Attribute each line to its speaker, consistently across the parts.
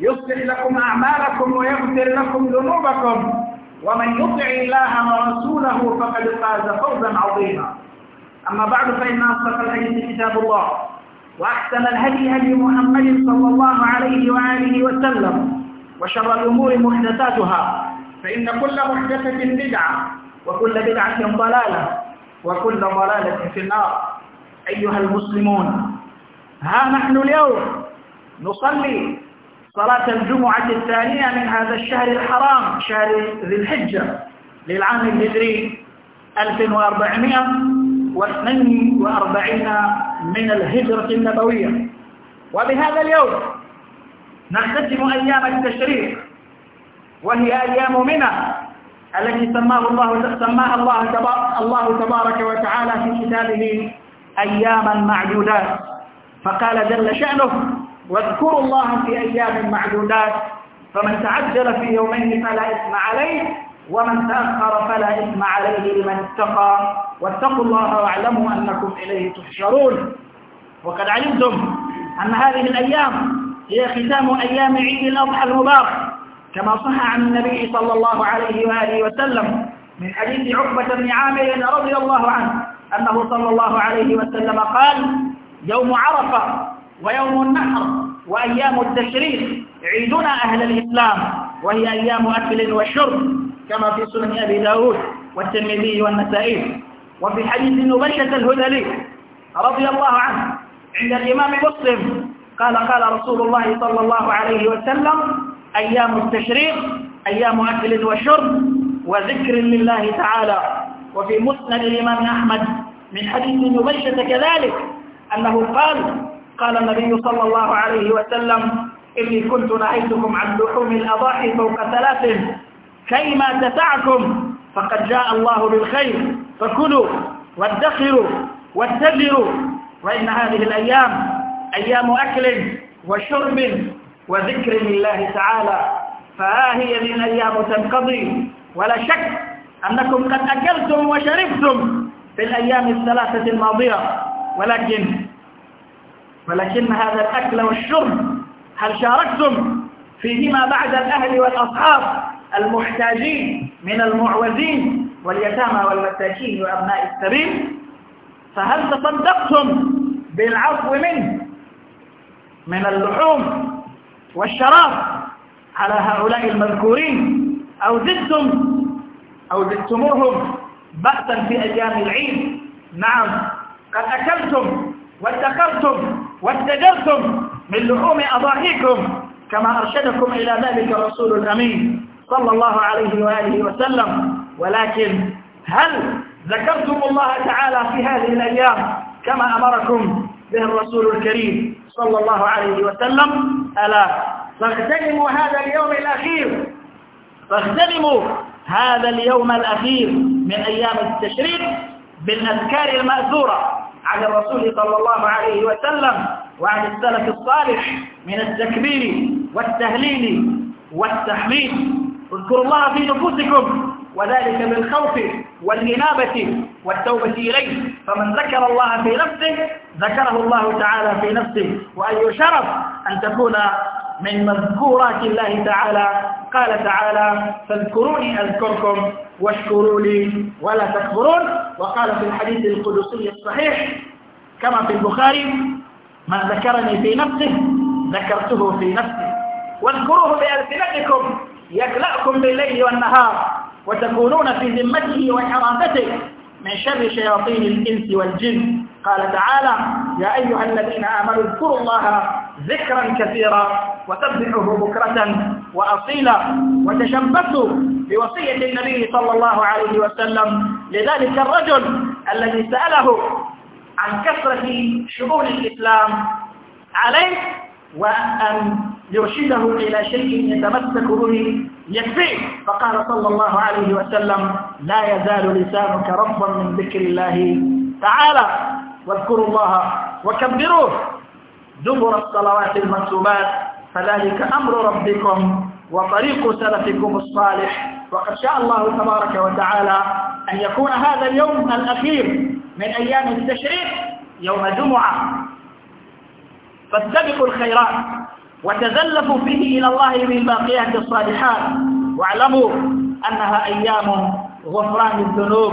Speaker 1: يصلح لكم أعمالكم ويغفر لكم ذنوبكم ومن يطع الله ورسوله فقد فاز فوزا عظيما أما بعد فإن أصدق الحديث كتاب الله وأحسن الهدي هدي محمد صلى الله عليه وآله وسلم وشر الأمور محدثاتها فإن كل محدثة بدعة وكل بدعة ضلالة وكل ضلالة في النار أيها المسلمون ها نحن اليوم نصلي صلاة الجمعة الثانية من هذا الشهر الحرام شهر ذي الحجة للعام الهجري 1442 من الهجرة النبوية وبهذا اليوم نختتم أيام التشريق وهي أيام منى التي سماه الله سماها الله تبارك الله تبارك وتعالى في كتابه أياما معدودات فقال جل شأنه واذكروا الله في أيام معدودات فمن تعجل في يومين فلا إثم عليه ومن تأخر فلا إثم عليه لمن اتقى واتقوا الله واعلموا أنكم إليه تحشرون وقد علمتم أن هذه الأيام هي ختام أيام عيد الأضحى المبارك كما صح عن النبي صلى الله عليه وآله وسلم من حديث عقبة بن عامر رضي الله عنه أنه صلى الله عليه وسلم قال يوم عرفة ويوم النحر وأيام التشريق عيدنا أهل الإسلام وهي أيام أكل وشرب كما في سنن أبي داود والترمذي والنسائي وفي حديث نبشة الهذلي رضي الله عنه عند الإمام مسلم قال قال رسول الله صلى الله عليه وسلم أيام التشريق أيام أكل وشرب وذكر لله تعالى وفي مسند الإمام أحمد من حديث نبشة كذلك أنه قال قال النبي صلى الله عليه وسلم إني كنت نهيتكم عن لحوم الأضاحي فوق ثلاث كيما تتعكم فقد جاء الله بالخير فكلوا وادخروا واتجروا وإن هذه الأيام أيام أكل وشرب وذكر لله تعالى فها هي ذي الأيام تنقضي ولا شك أنكم قد أكلتم وشربتم في الأيام الثلاثة الماضية ولكن ولكن هذا الأكل والشرب هل شاركتم فيهما بعد الأهل والأصحاب المحتاجين من المعوزين واليتامى والمساكين وأبناء السبيل فهل تصدقتم بالعفو منه من اللحوم والشراب على هؤلاء المذكورين أو زدتم أو زدتموهم بأسا في أيام العيد نعم قد أكلتم وادخرتم واستجرتم من لحوم أضاحيكم كما أرشدكم إلى ذلك الرسول الأمين صلى الله عليه وآله وسلم ولكن هل ذكرتم الله تعالى في هذه الأيام كما أمركم به الرسول الكريم صلى الله عليه وسلم ألا فاغتنموا هذا اليوم الأخير فاغتنموا هذا اليوم الأخير من أيام التشريق بالأذكار المأثورة عن الرسول صلى الله عليه وسلم وعن السلف الصالح من التكبير والتهليل والتحميد اذكروا الله في نفوسكم وذلك بالخوف والإنابة والتوبة إليه فمن ذكر الله في نفسه ذكره الله تعالى في نفسه وأي شرف أن تكون من مذكورات الله تعالى قال تعالى فاذكروني أذكركم واشكروا لي ولا تكفرون وقال في الحديث القدسي الصحيح كما في البخاري ما ذكرني في نفسه ذكرته في نفسي واذكروه بألسنتكم يكلأكم بالليل والنهار وتكونون في ذمته وحراسته من شر شياطين الإنس والجن قال تعالى يا أيها الذين آمنوا اذكروا الله ذكرا كثيرا وتسبحه بكرة وأصيلا وتشبثوا بوصية النبي صلى الله عليه وسلم لذلك الرجل الذي سأله عن كثرة شؤون الإسلام عليه وأن يرشده إلى شيء يتمسك به يكفيه فقال صلى الله عليه وسلم لا يزال لسانك رطبا من ذكر الله تعالى واذكروا الله وكبروه دبر الصلوات المنسوبات فذلك أمر ربكم وطريق سلفكم الصالح وقد شاء الله تبارك وتعالى أن يكون هذا اليوم الأخير من أيام التشريق يوم جمعة فاستبقوا الخيرات وتزلفوا فيه إلى الله بالباقيات الصالحات واعلموا أنها أيام غفران الذنوب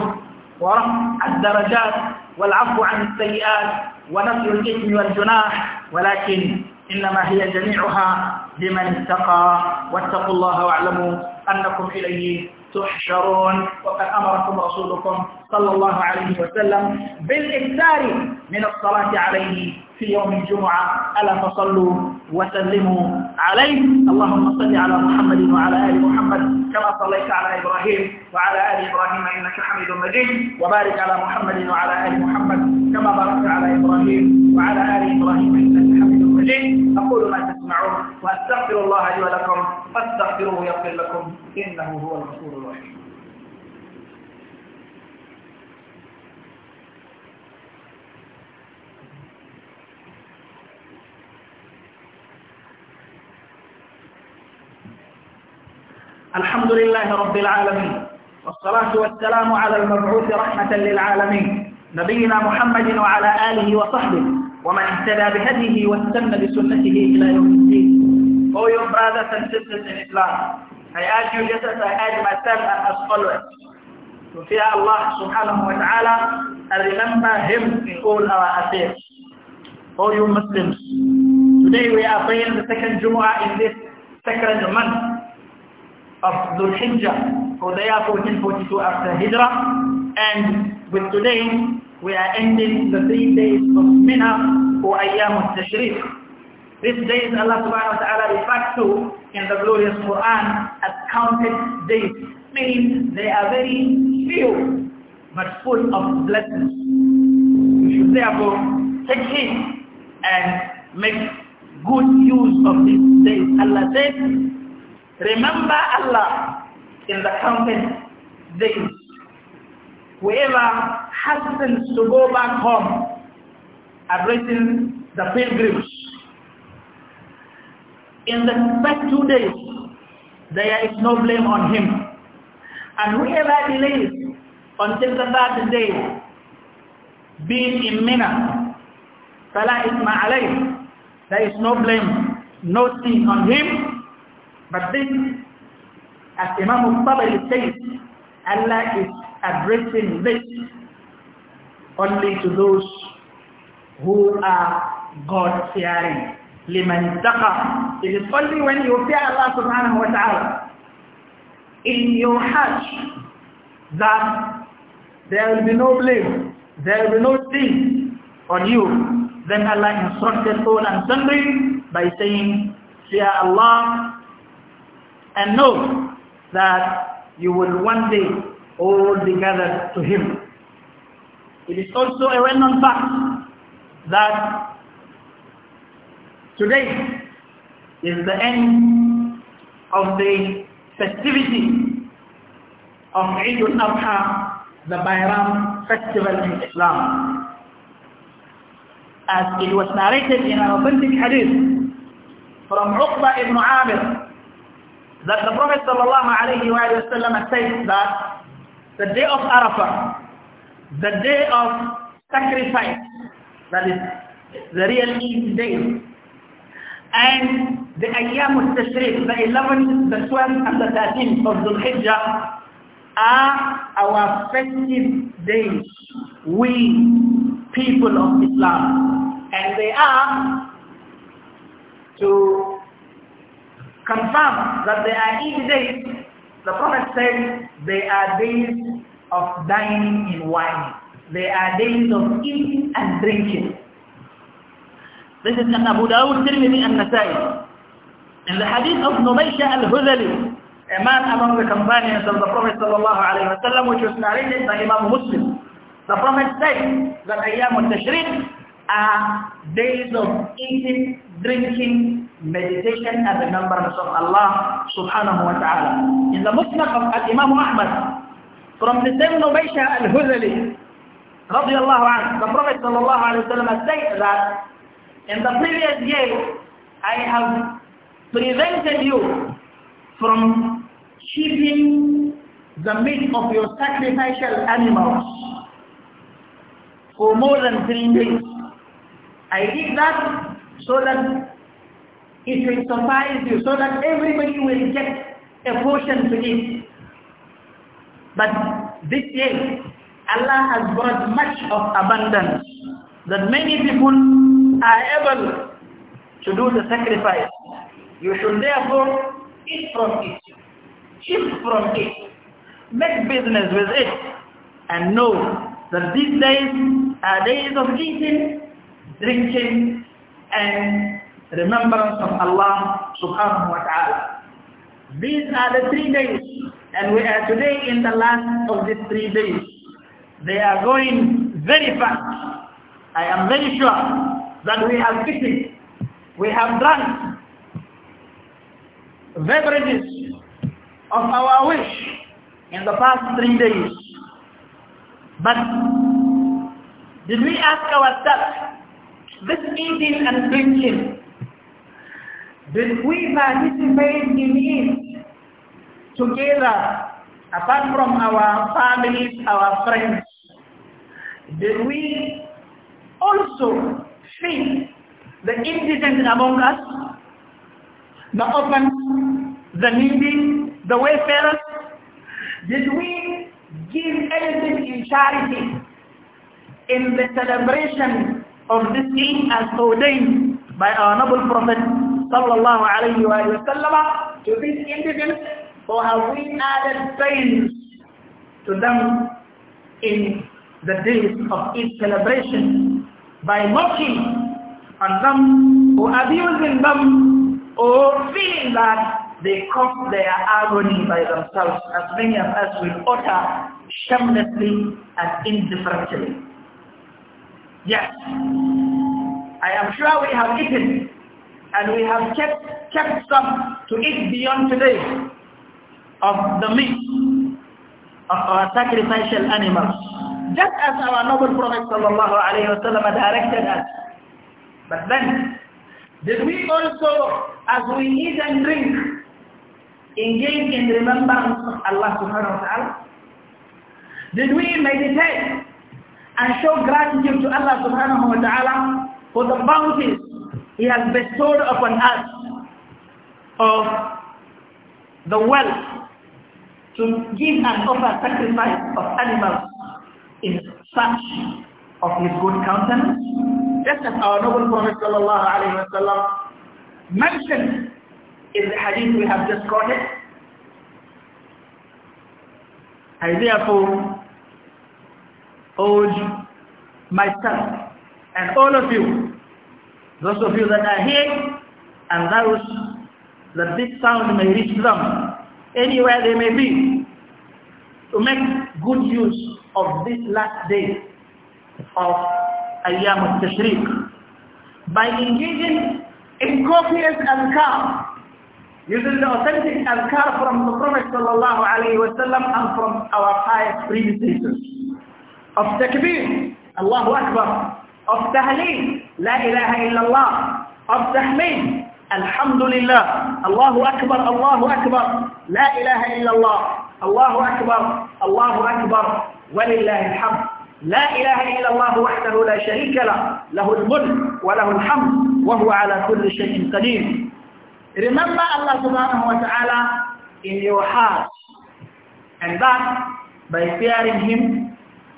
Speaker 1: ورفع الدرجات والعفو عن السيئات ونفي الإثم والجناح ولكن إنما هي جميعها لمن اتقى واتقوا الله واعلموا أنكم إليه تحشرون وقد أمركم رسولكم صلى الله عليه وسلم بالإكثار من الصلاة عليه في يوم الجمعة ألا فصلوا وسلموا عليه اللهم صل على محمد وعلى آل محمد كما صليت على إبراهيم وعلى آل إبراهيم إنك حميد مجيد وبارك على محمد وعلى آل محمد كما باركت على إبراهيم وعلى آل إبراهيم إنك أقول ما تسمعون وأستغفر الله لي ولكم فاستغفروه يغفر لكم إنه هو الغفور الرحيم الحمد لله رب العالمين والصلاة والسلام على المبعوث رحمة للعالمين نبينا محمد وعلى آله وصحبه ومن اهتدى بهديه واستنى بسنته إلى يوم الدين Oh, your brothers and sisters in Islam, I ask you just as I ask myself and as followers to Allah subhanahu wa ta'ala and remember Him in all our affairs. Oh, you Muslims, today we are praying the second Jumu'ah in this sacred month of Dhul Hijjah for the year 1442 after Hijrah and with today we are ending the three days of Mina or Ayyam al-Tashriq. These days Allah subhanahu wa ta'ala referred to in the glorious Quran as counted days, meaning they are very few but full of blessings. We should therefore take heed and make good use of these days. Allah says, remember Allah in the counted days. Whoever hastens to go back home, addressing the pilgrims. In the first two days, there is no blame on him. And whoever delays until the third day, being in Mina, Salah Isma alayhi, there is no blame, no sin on him. But this, as Imam al-Tabari says, Allah is addressing this only to those who are God-fearing. لِمَنْ تَقَى It is only when you fear Allah subhanahu wa ta'ala in your heart that there will be no blame, there will be no sin on you. Then Allah instructed all and sundry by saying, fear Allah and know that you will one day all be gathered to Him. It is also a well-known fact that today is the end of the festivity of Eid al-Adha, the Bayram festival in Islam. As it was narrated in an authentic hadith from Uqba ibn Amir that the Prophet ﷺ said that the day of Arafah the day of sacrifice, that is the real Eid day, and the Ayyam al-Tashriq, the 11th, the 12th, and the 13th of Dhul Hijjah are our festive days, we people of Islam. And they are to confirm that they are Eid days. The Prophet said they are days of dining and wine. They are days of eating and drinking. This is an Abu Dawud, Tirmidhi and Nasai. In the hadith of Numaisha al-Hudali, a man among the companions of the Prophet sallallahu which was narrated by Imam Muslim, the Prophet said that Ayyam al-Tashriq are days of eating, drinking, meditation and remembrance of Allah subhanahu wa ta'ala. In the Musnad of Imam Ahmad, from the same Nubaysha al-Huzali, radiallahu anhu, the Prophet sallallahu alayhi wa sallam said that, in the previous year, I have prevented you from keeping the meat of your sacrificial animals for more than three days. I did that so that it will surprise you, so that everybody will get a portion to eat. But this year, Allah has brought much of abundance that many people are able to do the sacrifice. You should therefore eat from it, shift from it, make business with it, and know that these days are days of eating, drinking, and remembrance of Allah subhanahu wa ta'ala. These are the three days and we are today in the last of these three days. They are going very fast. I am very sure that we have eaten, we have drunk beverages of our wish in the past three days. But did we ask ourselves, this eating and drinking, did we participate in it together, apart from our families, our friends, that we also feed the indigent among us, the orphans, the needy, the wayfarers? Did we give anything in charity in the celebration of this Eid as ordained by our noble Prophet sallallahu alayhi wa sallam to these indigents or have we added pains to them in the days of its celebration by mocking on them or abusing them or feeling that they cause their agony by themselves as many of us will utter shamelessly and indifferently. Yes, I am sure we have eaten and we have kept, kept some to eat beyond today of the meat of our sacrificial animals. Just as our noble Prophet ﷺ directed us. But then, did we also, as we eat and drink, engage in remembrance of Allah subhanahu wa ta'ala? Did we meditate and show gratitude to Allah subhanahu wa ta'ala for the bounties He has bestowed upon us of the wealth to give and offer sacrifice of animals in search of his good countenance. Just as our noble Prophet sallallahu mentioned in the hadith we have just quoted, I therefore urge myself and all of you, those of you that are here and those that this sound may reach them, anywhere they may be, to make good use of this last day of Ayyam al-Tashriq by engaging in copious azkar, using the authentic azkar from the Prophet sallallahu alayhi wa sallam and from our pious predecessors. Of takbir, Allahu Akbar. Of tahleel, La ilaha illallah. Of tahmeen, الحمد لله الله أكبر الله أكبر لا إله إلا الله الله أكبر الله أكبر ولله الحمد لا إله إلا الله وحده لا شريك له له الملك وله الحمد وهو على كل شيء قدير Remember Allah subhanahu wa ta'ala in your heart and that by fearing him,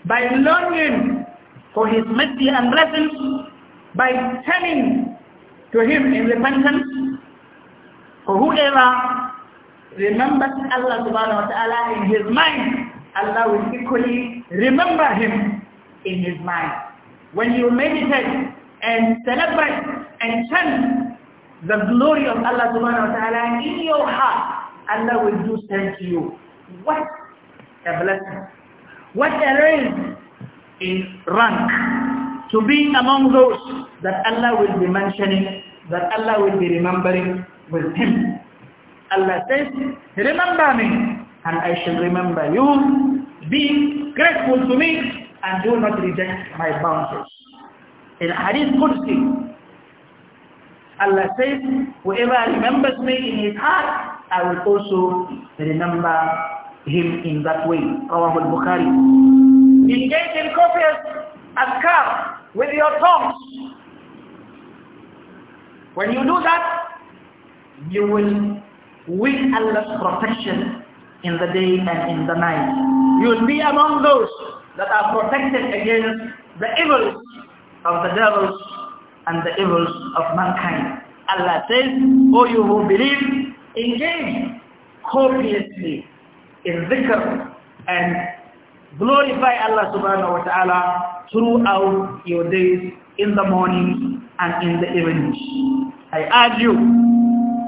Speaker 1: by longing for his mercy and blessings, by turning to him in repentance.
Speaker 2: For whoever
Speaker 1: remembers Allah subhanahu wa ta'ala in his mind, Allah will equally remember him in his mind. When you meditate and celebrate and chant the glory of Allah subhanahu wa ta'ala in your heart, Allah will do same to you. What a blessing. What a raise in rank to being among those that Allah will be mentioning, that Allah will be remembering with him. Allah says, remember me and I shall remember you. Be grateful to me and do not reject my bounties. In Hadith Qudsi, Allah says, whoever remembers me in his heart, I will also remember him in that way. Rawah bukhari Engage in copious azkar with your tongues. When you do that, you will win Allah's protection in the day and in the night. You will be among those that are protected against the evils of the devils and the evils of mankind. Allah says, O you who believe, engage copiously in dhikr and glorify Allah subhanahu wa ta'ala throughout your days in the morning and in the evening. I urge you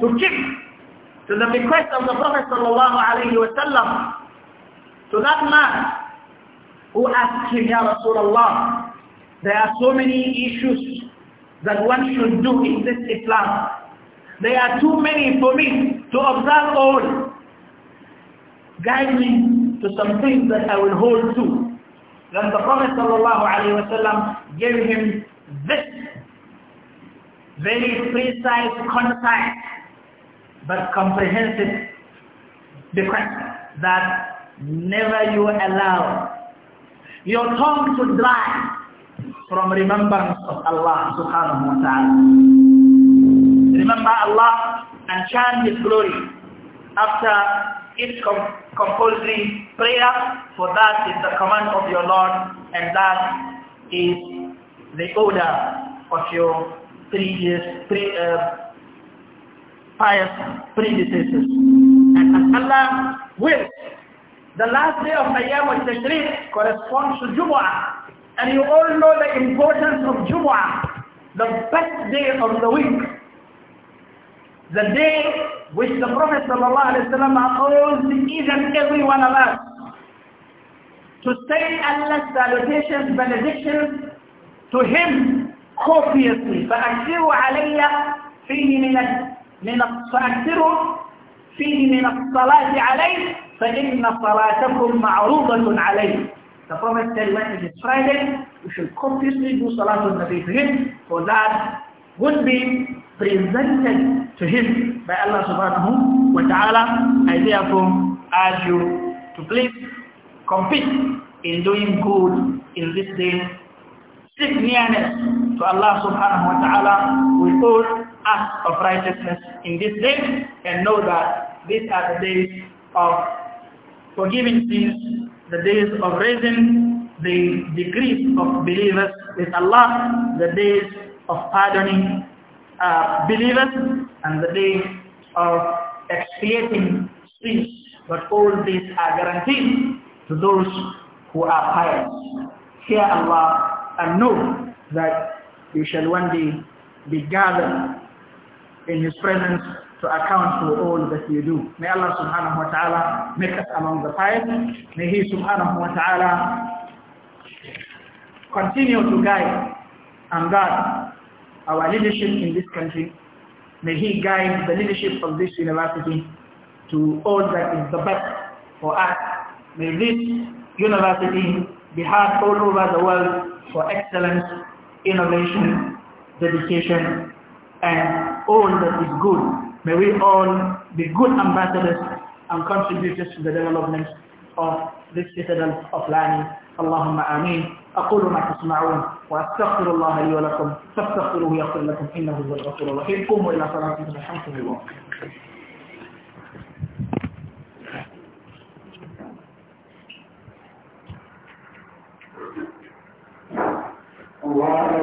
Speaker 1: to keep to the request of the Prophet sallallahu to that man who asked him, Ya Rasulullah, there are so many issues that one should do in this Islam. There are too many for me to observe all. Guide me to some things that I will hold to then the Prophet ﷺ gave him this very precise, concise, but comprehensive request that never you allow your tongue to dry from remembrance of Allah subhanahu wa ta'ala. Remember Allah and chant His glory after is com compulsory prayer, for that is the command of your Lord, and that is the order of your previous, pre, uh, pious predecessors. And Allah wills, the last day of Ayyam al-Tashriq corresponds to Jumu'ah. And you all know the importance of Jumu'ah, the best day of the week. the day which the Prophet ﷺ calls each and every one of us to say Allah's salutations, benedictions to him copiously. فأكثروا علي فيه من من فأكثروا فيه من الصلاة عليه فإن صلاتكم معروضة عليه. The Prophet said when it is Friday, we should copiously do Salatul Nabi to him, for that would be presented to him by Allah subhanahu wa ta'ala I therefore urge you to please compete in doing good in this day seek nearness to Allah subhanahu wa ta'ala with all acts of righteousness in this day and know that these are the days of forgiving sins, the days of raising the degrees of believers with Allah, the days of pardoning uh, believers and the day of expiating sins. But all these are guaranteed to those who are pious. Hear Allah and know that you shall one day be gathered in His presence to account for all that you do. May Allah subhanahu wa ta'ala make us among the pious. May He subhanahu wa ta'ala continue to guide and guard our leadership in this country. May he guide the leadership of this university to all that is the best for us. May this university be heard all over the world for excellence, innovation, dedication, and all that is good. May we all be good ambassadors and contributors to the development of this citadel of learning. Allahumma ameen. أقول ما تسمعون وأستغفر الله لي ولكم فاستغفروه يغفر لكم إنه هو الغفور الرحيم قوموا إلى صلاتكم الحمد لله الله